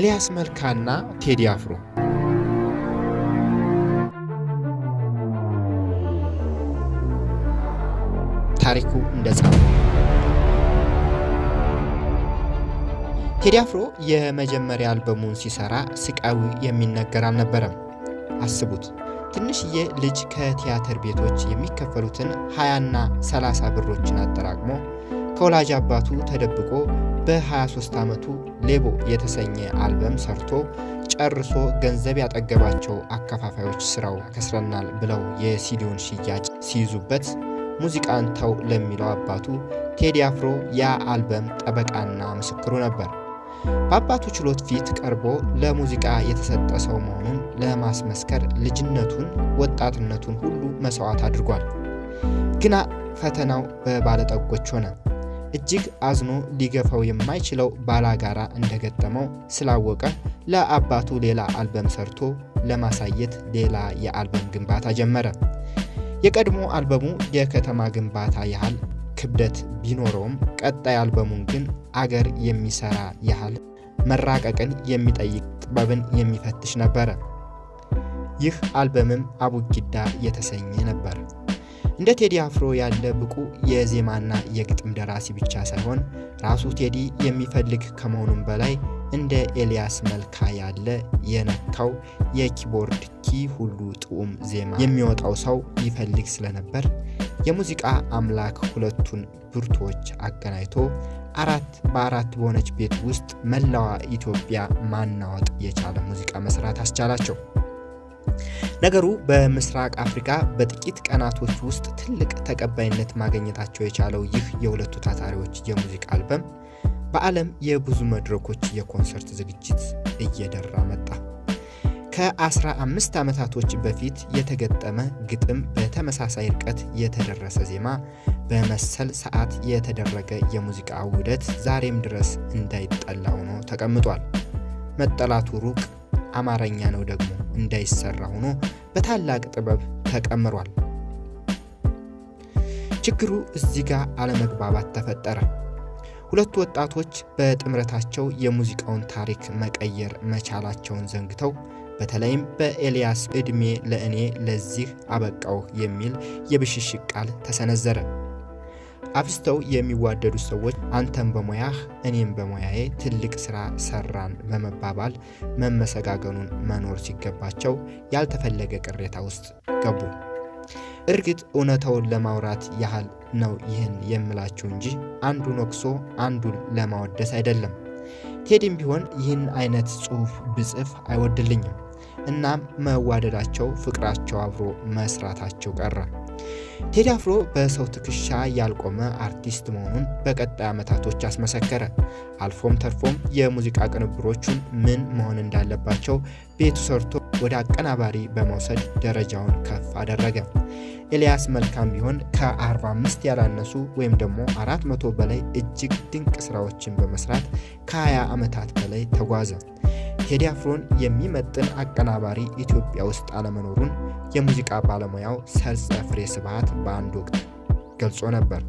ኤልያስ መልካና ቴዲ አፍሮ ታሪኩ እንደጻፈ ቴዲ አፍሮ የመጀመሪያ አልበሙን ሲሰራ ስቃዩ የሚነገር አልነበረም። አስቡት ትንሽዬ ልጅ ከቲያትር ቤቶች የሚከፈሉትን 20ና 30 ብሮችን አጠራቅሞ ከወላጅ አባቱ ተደብቆ በ23 ዓመቱ ሌቦ የተሰኘ አልበም ሰርቶ ጨርሶ ገንዘብ ያጠገባቸው አከፋፋዮች ስራው ያከስረናል ብለው የሲዲውን ሽያጭ ሲይዙበት ሙዚቃን ተው ለሚለው አባቱ ቴዲ አፍሮ ያ አልበም ጠበቃና ምስክሩ ነበር። በአባቱ ችሎት ፊት ቀርቦ ለሙዚቃ የተሰጠ ሰው መሆኑን ለማስመስከር ልጅነቱን፣ ወጣትነቱን ሁሉ መስዋዕት አድርጓል። ግና ፈተናው በባለጠጎች ሆነ። እጅግ አዝኖ ሊገፋው የማይችለው ባላጋራ እንደገጠመው ስላወቀ ለአባቱ ሌላ አልበም ሰርቶ ለማሳየት ሌላ የአልበም ግንባታ ጀመረ። የቀድሞ አልበሙ የከተማ ግንባታ ያህል ክብደት ቢኖረውም ቀጣይ አልበሙን ግን አገር የሚሰራ ያህል መራቀቅን የሚጠይቅ ጥበብን የሚፈትሽ ነበረ። ይህ አልበምም አቡጊዳ የተሰኘ ነበር። እንደ ቴዲ አፍሮ ያለ ብቁ የዜማና የግጥም ደራሲ ብቻ ሳይሆን ራሱ ቴዲ የሚፈልግ ከመሆኑም በላይ እንደ ኤልያስ መልካ ያለ የነካው የኪቦርድ ኪ ሁሉ ጥዑም ዜማ የሚወጣው ሰው ይፈልግ ስለነበር የሙዚቃ አምላክ ሁለቱን ብርቶች አገናኝቶ አራት በአራት በሆነች ቤት ውስጥ መላዋ ኢትዮጵያ ማናወጥ የቻለ ሙዚቃ መስራት አስቻላቸው። ነገሩ በምስራቅ አፍሪካ በጥቂት ቀናቶች ውስጥ ትልቅ ተቀባይነት ማግኘታቸው የቻለው ይህ የሁለቱ ታታሪዎች የሙዚቃ አልበም በዓለም የብዙ መድረኮች የኮንሰርት ዝግጅት እየደራ መጣ። ከ15 ዓመታቶች በፊት የተገጠመ ግጥም፣ በተመሳሳይ ርቀት የተደረሰ ዜማ፣ በመሰል ሰዓት የተደረገ የሙዚቃ ውህደት ዛሬም ድረስ እንዳይጠላ ሆኖ ተቀምጧል። መጠላቱ ሩቅ አማርኛ ነው ደግሞ እንዳይሰራ ሆኖ በታላቅ ጥበብ ተቀምሯል። ችግሩ እዚህ ጋር አለመግባባት ተፈጠረ። ሁለቱ ወጣቶች በጥምረታቸው የሙዚቃውን ታሪክ መቀየር መቻላቸውን ዘንግተው በተለይም በኤልያስ ዕድሜ ለእኔ ለዚህ አበቃው የሚል የብሽሽቅ ቃል ተሰነዘረ። አብዝተው የሚዋደዱ ሰዎች አንተም በሙያህ እኔም በሙያዬ ትልቅ ስራ ሰራን በመባባል መመሰጋገኑን መኖር ሲገባቸው ያልተፈለገ ቅሬታ ውስጥ ገቡ። እርግጥ እውነታውን ለማውራት ያህል ነው ይህን የምላችሁ እንጂ አንዱን ወቅሶ አንዱን ለማወደስ አይደለም። ቴዲም ቢሆን ይህን አይነት ጽሑፍ ብጽፍ አይወድልኝም። እናም መዋደዳቸው፣ ፍቅራቸው አብሮ መስራታቸው ቀረ። ቴዲ አፍሮ በሰው ትከሻ ያልቆመ አርቲስት መሆኑን በቀጣይ ዓመታቶች አስመሰከረ። አልፎም ተርፎም የሙዚቃ ቅንብሮቹን ምን መሆን እንዳለባቸው ቤቱ ሰርቶ ወደ አቀናባሪ በመውሰድ ደረጃውን ከፍ አደረገ። ኤልያስ መልካም ቢሆን ከ45 ያላነሱ ወይም ደግሞ 400 በላይ እጅግ ድንቅ ስራዎችን በመስራት ከ20 ዓመታት በላይ ተጓዘ። ቴዲ አፍሮን የሚመጥን አቀናባሪ ኢትዮጵያ ውስጥ አለመኖሩን የሙዚቃ ባለሙያው ሰርጸ ፍሬ ስብሐት በአንድ ወቅት ገልጾ ነበር።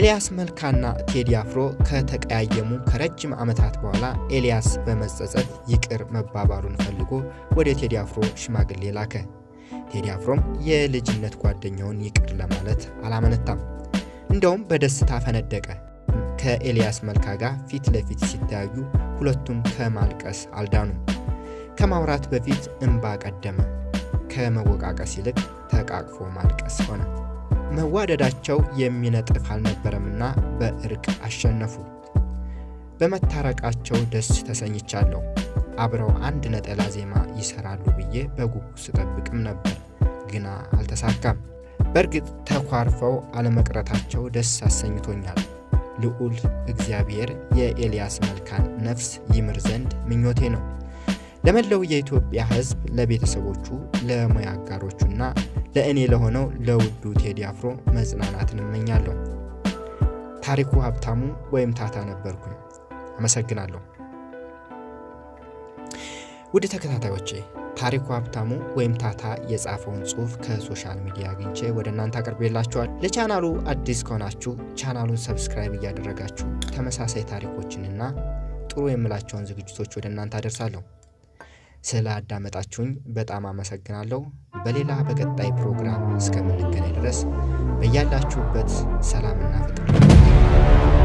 ኤልያስ መልካና ቴዲ አፍሮ ከተቀያየሙ ከረጅም ዓመታት በኋላ ኤልያስ በመጸጸት ይቅር መባባሉን ፈልጎ ወደ ቴዲ አፍሮ ሽማግሌ ላከ። ቴዲ አፍሮም የልጅነት ጓደኛውን ይቅር ለማለት አላመነታም። እንደውም በደስታ ፈነደቀ። ከኤልያስ መልካ ጋር ፊት ለፊት ሲተያዩ ሁለቱም ከማልቀስ አልዳኑም። ከማውራት በፊት እንባ ቀደመ። ከመወቃቀስ ይልቅ ተቃቅፎ ማልቀስ ሆነ። መዋደዳቸው የሚነጥፍ አልነበረምና በእርቅ አሸነፉ። በመታረቃቸው ደስ ተሰኝቻለሁ። አብረው አንድ ነጠላ ዜማ ይሰራሉ ብዬ በጉጉ ስጠብቅም ነበር፣ ግና አልተሳካም። በእርግጥ ተኳርፈው አለመቅረታቸው ደስ አሰኝቶኛል። ልዑል እግዚአብሔር የኤልያስ መልካን ነፍስ ይምር ዘንድ ምኞቴ ነው። ለመላው የኢትዮጵያ ሕዝብ፣ ለቤተሰቦቹ፣ ለሙያ አጋሮቹና ለእኔ ለሆነው ለውዱ ቴዲ አፍሮ መጽናናትን እመኛለሁ። ታሪኩ ሀብታሙ ወይም ታታ ነበርኩኝ። አመሰግናለሁ። ውድ ተከታታዮቼ ታሪኩ ሀብታሙ ወይም ታታ የጻፈውን ጽሁፍ ከሶሻል ሚዲያ አግኝቼ ወደ እናንተ አቅርቤላችኋል። ለቻናሉ አዲስ ከሆናችሁ ቻናሉን ሰብስክራይብ እያደረጋችሁ ተመሳሳይ ታሪኮችንና ጥሩ የምላቸውን ዝግጅቶች ወደ እናንተ አደርሳለሁ። ስለ አዳመጣችሁኝ በጣም አመሰግናለሁ። በሌላ በቀጣይ ፕሮግራም እስከምንገናኝ ድረስ በያላችሁበት ሰላምና ፍቅር